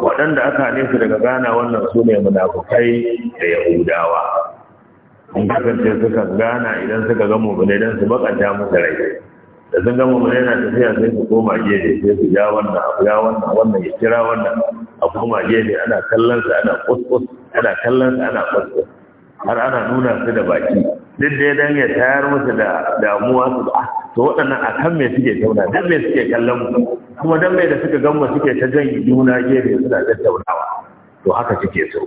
waɗanda aka hane su daga ganawa wannan su ne munafukai da yahudawa in kasance sukan gana idan suka ga mu bane dan su bakanta da rai da sun gama mun yana tafiya sai su koma gefe sai su ja wannan abu ya wannan wannan ya kira wannan a koma gefe ana kallon sa ana kuskus ana kallon sa ana kuskus har ana nuna su da baki duk da ya dan ya tayar musu da damuwa su ba to waɗannan akan me suke tauna dan me suke kallon mu kuma dan me da suka gamma suke ta jan juna gefe suna tattaunawa to haka suke so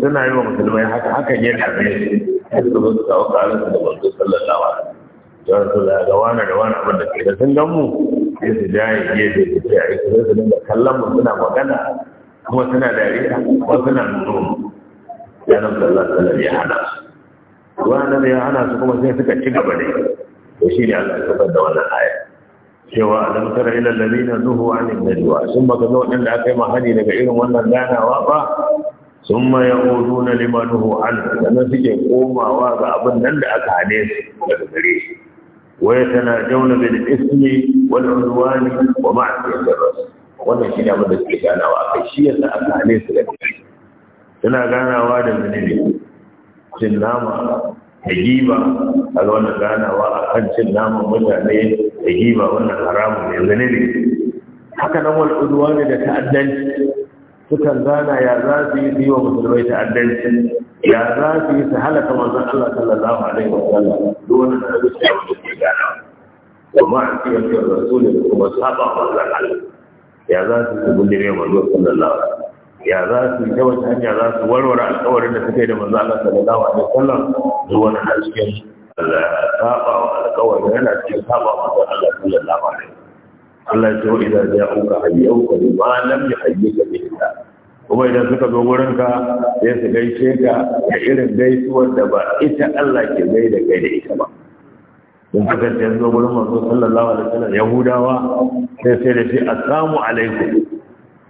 suna yi wa musulmai haka haka ya dame su su zo su kawo ƙararsu da manzo sallallahu alaihi don su da ga wani da wani abin da ke da sun gan mu sai su jaye gefe su ce a yi sai su dinga kallon mu suna magana kuma suna dariya kuma suna nuno ya nan sallar sallar ya hana su wani ya hana su kuma sai suka ci gaba ne to shi ne Allah ya sabar da wannan aya cewa alam tara ila alladhina nuhu anin najwa sun baka ga wadanda aka yi mahani daga irin wannan ganawa ba summa yaquluna liman nuhu an sannan suke komawa ga abin nan da aka hane su daga gare shi ويتناجون بالإثم والعدوان ومعصية الرسول wannan shi ne abin da suke ganawa a kai shi yasa aka hane su da kai suna ganawa da zunubi cin nama da giba a ga wannan ganawa a kan cin naman mutane da giba wannan haramun ne zunubi haka nan wani ne da ta'addanci sukan zana ya za su yi su yi wa musulmai ta'addanci ya za su yi su halaka manzon Allah sallallahu alaihi wa sallam duk wani da su ya wuce ke gana wa ma an kiyar kiyar rasuli da kuma saba manzon Allah ya za su su gudu ne manzon sallallahu alaihi ya za su yi ta wata hanya za su warware alkawarin da suka yi da manzon Allah sallallahu alaihi wa sallam duk wani na cikin saba wa alkawarin yana cikin saba manzon Allah sallallahu alaihi wa sallam Allah ya ce wa idza ja'uka hayyuka bima lam yuhayyika bihi kuma idan suka zo wurinka sai su gaishe ka da irin gaisuwar da ba ita Allah ke gai da kai da ita ba in suka ce zo wurin manzo sallallahu alaihi wasallam yahudawa sai sai da shi assalamu alaikum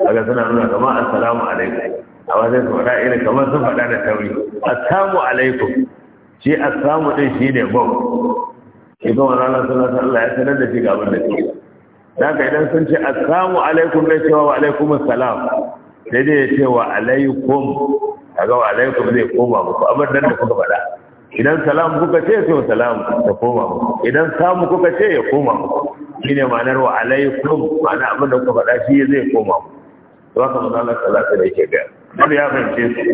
kaga suna nuna kamar assalamu alaikum amma sai su faɗa irin kamar sun faɗa da tauri assalamu alaikum shi assalamu din shine bau idan wannan sallallahu alaihi wasallam ya sanar da shi ga abin da ke da ka idan sun ce assalamu alaikum zai cewa wa alaikum assalam sai dai ya ce wa alaikum kaga wa alaikum zai koma muku abin da kuka faɗa idan salam kuka ce sai salam ta koma muku idan samu kuka ce ya koma muku shine ma'anar wa alaikum ma'ana abin da kuka faɗa shi zai koma muku to haka mun Allah ta zaka da yake ga ya fahimce su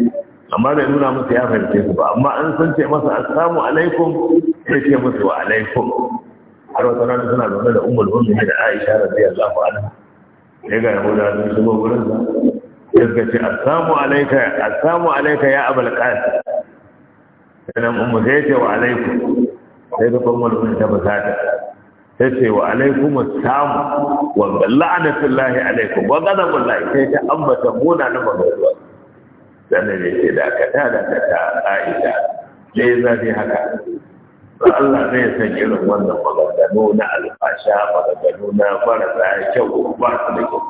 amma zai nuna musu ya fahimce su ba amma an sun ce masa assalamu alaikum sai ce musu wa alaikum har wata rana suna zaune da umar mu'minin da Aisha radiyallahu anha sai ga Yahuda sun shigo gurin sa sai suka ce assalamu alayka assalamu alayka ya Abul Qasim sannan ummu sai ce wa alaikum sai ga umar mu'minin ta fasata sai ce wa alaikum assalam wa la'natullahi alaikum wa ghadabullahi sai ta ambata muna na magana sannan ne ce da ka ta da ta Aisha sai zafi haka to Allah zai san irin wannan maganganu na alfasha maganganu na farasa ya kyau ba su da kyau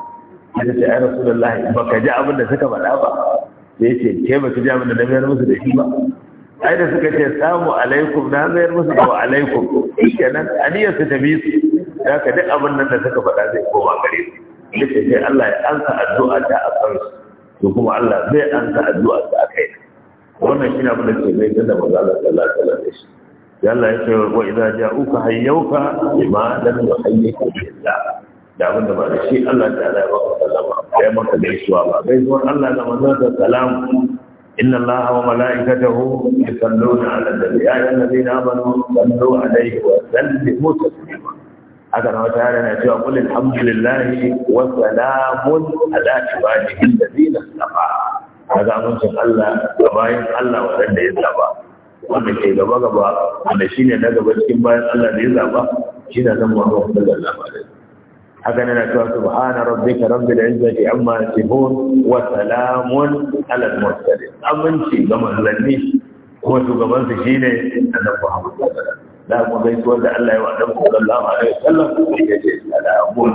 sai ce lahi' Ba ka ji abin da suka faɗa ba sai ce ke ba ji abin da na mayar musu da shi ba ai da suka ce samu alaikum na mayar musu da wa alaikum kenan aniyar su tafi su da ka duk abin nan da suka faɗa zai koma gare su yace sai Allah ya ansa addu'a ta a kan su to kuma Allah zai ansa addu'a ta a kai wannan shi na abin da ke mai da manzo Allah sallallahu alaihi wasallam yalla ya ce wa idza ja'uka hayyuka bima lam yuhayyika billah da abin da ba da shi Allah ta'ala ya baka sallama ya maka gaisuwa ba gaisuwar Allah da manzon sa salamu inna Allah wa mala'ikatahu yusalluna 'ala nabi ya ayyuhallazina amanu sallu 'alaihi wa sallimu taslima haka na wata yana cewa kullu alhamdulillahi wa salamun 'ala ibadihi alladhina istafa kaga amincin Allah da bayan Allah wanda ya zaba wanda ke gaba gaba wanda shi ne na gaba cikin bayan Allah da ya zaɓa shi na nan wani wanda da zaɓa da haka nana cewa subhana da rabbil izzati amma yasifun wa salamun ala al-mursalin aminci ga manzanni kuma shugaban su shine annabi Muhammad sallallahu alaihi wasallam da kuma gaisuwar da Allah ya wa dan sallallahu alaihi wasallam ya ce salamun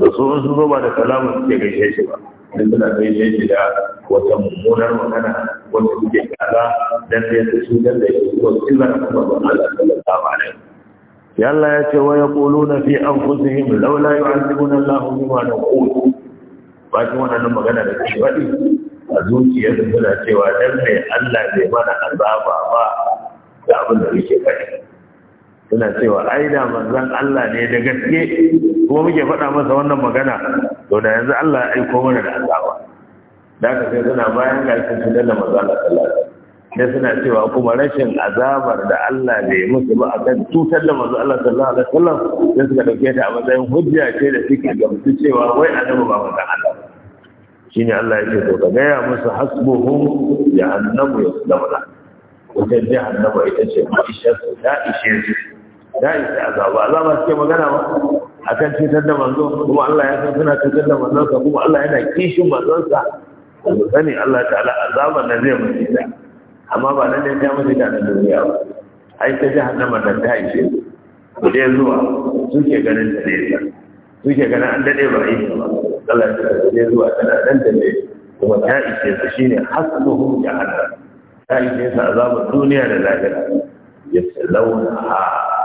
da su sun zo ba da salamun ke gaishe shi ba dan suna gaishe shi da wata mummunar magana wanda kuke kaza dan da yake su dan da yake su illa kuma ba Allah sallallahu alaihi ya Allah ya wa yaquluna fi anfusihim laula yu'azzibuna Allah bima naqulu ba ta wannan magana da kake faɗi a zuciyar da suna cewa dan mai Allah bai mana azaba ba da abin da yake faɗi suna cewa ai da manzon Allah ne da gaske kuma muke faɗa masa wannan magana to da yanzu Allah ya aiko mana da azaba da aka sai suna bayan gashin su dalla maza da sallallahu sai suna cewa kuma rashin azabar da Allah ne musu ba a kan tutar da maza Allah sallallahu alaihi wasallam sai suka dauke ta a matsayin hujja ce da suke gamsu cewa wai annabi ba manzon Allah shine Allah yake to ka gaya musu hasbuhum jahannamu yaslamuna wata jahannama ita ce ma'ishar su da ishe su da ishe azaba azaba suke magana ba akan cutar da manzo kuma Allah ya san suna cutar da manzo sa kuma Allah yana kishin manzo sa da sani Allah ta'ala azaban da zai mutu da amma ba nan ne ta mutu da na duniya ba ai ta jahannama da ta yi ku dai zuwa suke ganin ta ne ta suke ganin an dade ba yi ba Allah ta ta dai zuwa tana dan da ne kuma ta ishe su shine hasbuhu jahannam ta ishe su azaban duniya da lahira yasalawna ha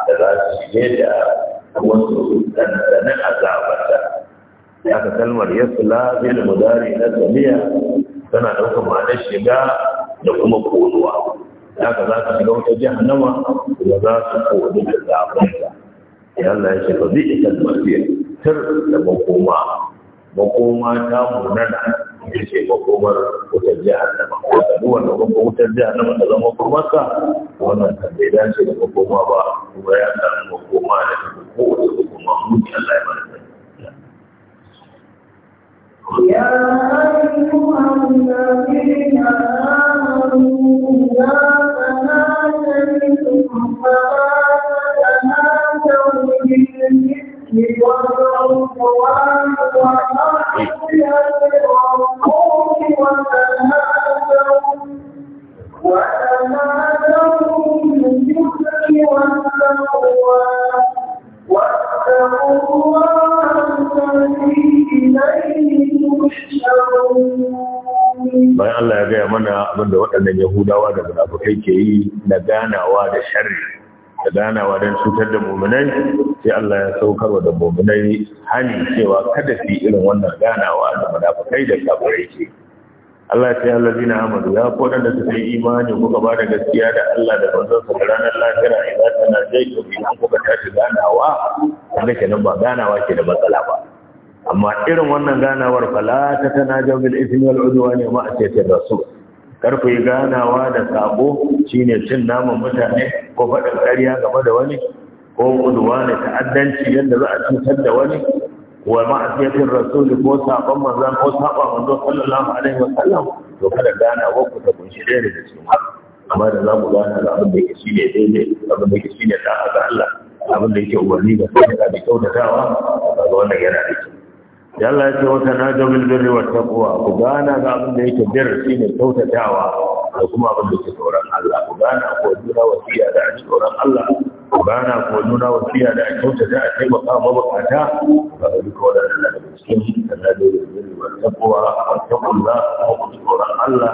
da za su shige da wasu dandanan azabarta aka kalmar yasla bil mudari na jami'a tana ɗaukar ma'anar shiga da kuma konuwa haka za ka shiga wata jahannama da za su kodi da zafinta ya Allah ya shiga bi ita masir tur da makoma makoma ta munana ya ce makomar wutar jahannama wata duwan da kuma wutar jahannama ta zama kurmasa wannan ta bai dace da makoma ba kuma ya samu makoma da ta kowace makoma muni Allah ya mana يا أيها الذين آمنوا لا تنازلوا فلا تنازلوا بالإثم والعدوان والمعصية والقوم وتنازلوا وتنازلوا بالإثم والتقوى واتقوا الله الذي إليه bayan Allah ya gaya mana abinda waɗannan yahudawa da munafukai ke yi na ganawa da sharri da ganawa don cutar da muminai sai Allah ya saukarwa da muminai hani cewa kada su irin wannan ganawa da munafukai da kafirai ke Allah sai Allah zina amadu ya kodan da suka yi imani kuka ba da gaskiya da Allah da manzon sa ranar lahira idan tana jai ko idan kuka tashi ganawa kenan ba ganawa ke da matsala ba amma irin wannan ganawar fala ta tana jawbil ismi ne udwani ma asiyati rasul kar ku yi ganawa da sabo ne cin naman mutane ko faɗin ƙarya game da wani ko udwani ta'addanci yadda za a cutar da wani wa ma'asiyatin rasul ko sabon manzon ko saba manzo sallallahu alaihi wasallam to kada ganawa ku ta kunshi ɗaya daga cikin amma da za mu gana da abin da yake shine daidai abin da yake da da'a ga Allah abin da yake umarni da sai da kyautatawa ga wannan yana da kyau Yalla Allah ya ce wata na jabil birri wa taqwa ku gana ga abin da yake bir shine kyautatawa da kuma abin da yake tsoron Allah ku gana ko juna wasiya da tsoron Allah ku gana ko juna wasiya da kyautata a taimaka ma mabukata ba da duka wanda Allah da cikin sanadin birri wa taqwa wa taqullah ku tsoron Allah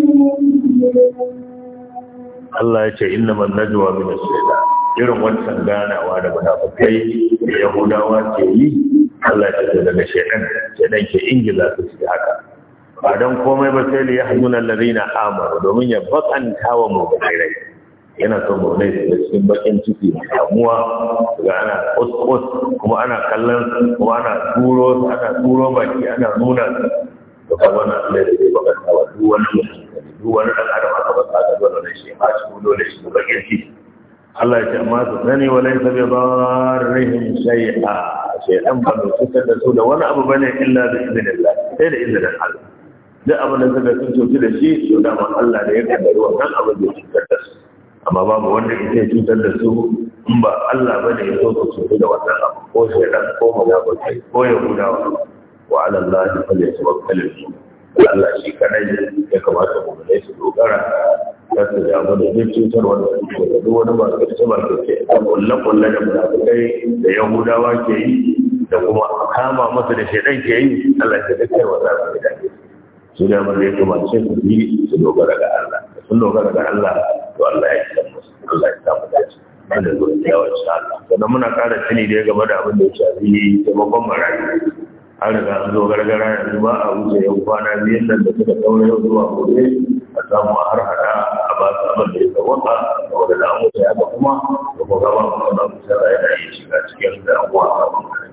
Allah ya ce inna man najwa min ash-shaytan irin wancan ganawa da munafikai da yahudawa ke yi Allah ya ce daga shaytan shaytan ke ingila su ci haka ba dan komai ba sai ya yahzuna allazina amanu domin ya mu wa rai yana son ne su cikin bakin ciki da damuwa ga ana kuskus kuma ana kallon kuma ana turo ana turo baki ana nuna to kan wannan Allah da zai baka tawa duk wani mutum duk wani dan adam aka baka da wannan shi ba shi dole shi bakin shi Allah ya ce amma su sani wa ya bi darrihim shay'a shay'an ba da cutar da su da wani abu bane illa bi idnillah sai da izinin Allah duk abin da suka sun cuci da shi to da Allah da ya kaddara wannan abu da cutar da su amma babu wanda ya cutar da su in ba Allah bane ya so su cuci da wannan abu ko shaytan ko mugabai ko yahudawa Wa'ala wa ala Allah falyatawakkal al Allah shi kadai ya kamata mu ne su dogara kar su damu da zai cutar wanda suke da duk wani masu makarce da kulle kulle da munafikai da yahudawa ke yi da kuma kama masa da shaidan ke yi Allah ya kai wa za su dace su da mun yake ma ce su yi su dogara ga Allah sun dogara ga Allah to Allah ya yi musu Allah ya samu dace da gurin yawa insha Allah sannan muna ƙara tuni da game da abin da ya shafi taimakon marayu an da an zo gargara yanzu zuba, a wuce yau kwana biyun nan da suka saura yau zuwa gobe a samu a har hada a ba su abin da ya sawaka saboda da an wuce haka kuma da kuma gaba mu kuma kusa da yana yin shiga cikin damuwa a kan kare.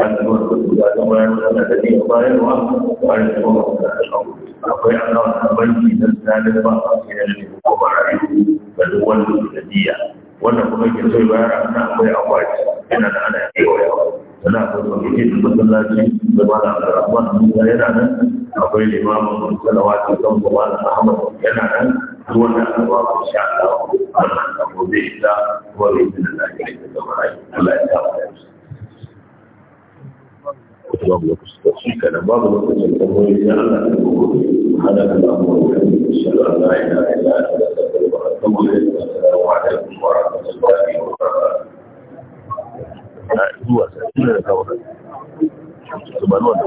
An zama da su ga zama ya nuna da ne bayarwa ba da kuma ba da akwai alawa na banki na tsanin ba a cikin yanzu ko ba rayu ba duk wanda da biya. wannan kuma ke zai bayar a akwai akwati yana da ana kewayawa sannan kuma ke da masallaci da ba da rahman musa yana nan akwai limamin da kan kuma da ahmad yana nan duk wannan abuwa ko sha Allah wannan abu zai isa wa bi da lafiya da kamar Allah ya kawo babu lokacin shi kana babu lokacin da mu yi Allah ta gogo hada da babu lokacin da shi Allah ya ila da da da kuma da wa da wa da wa zuwa sai da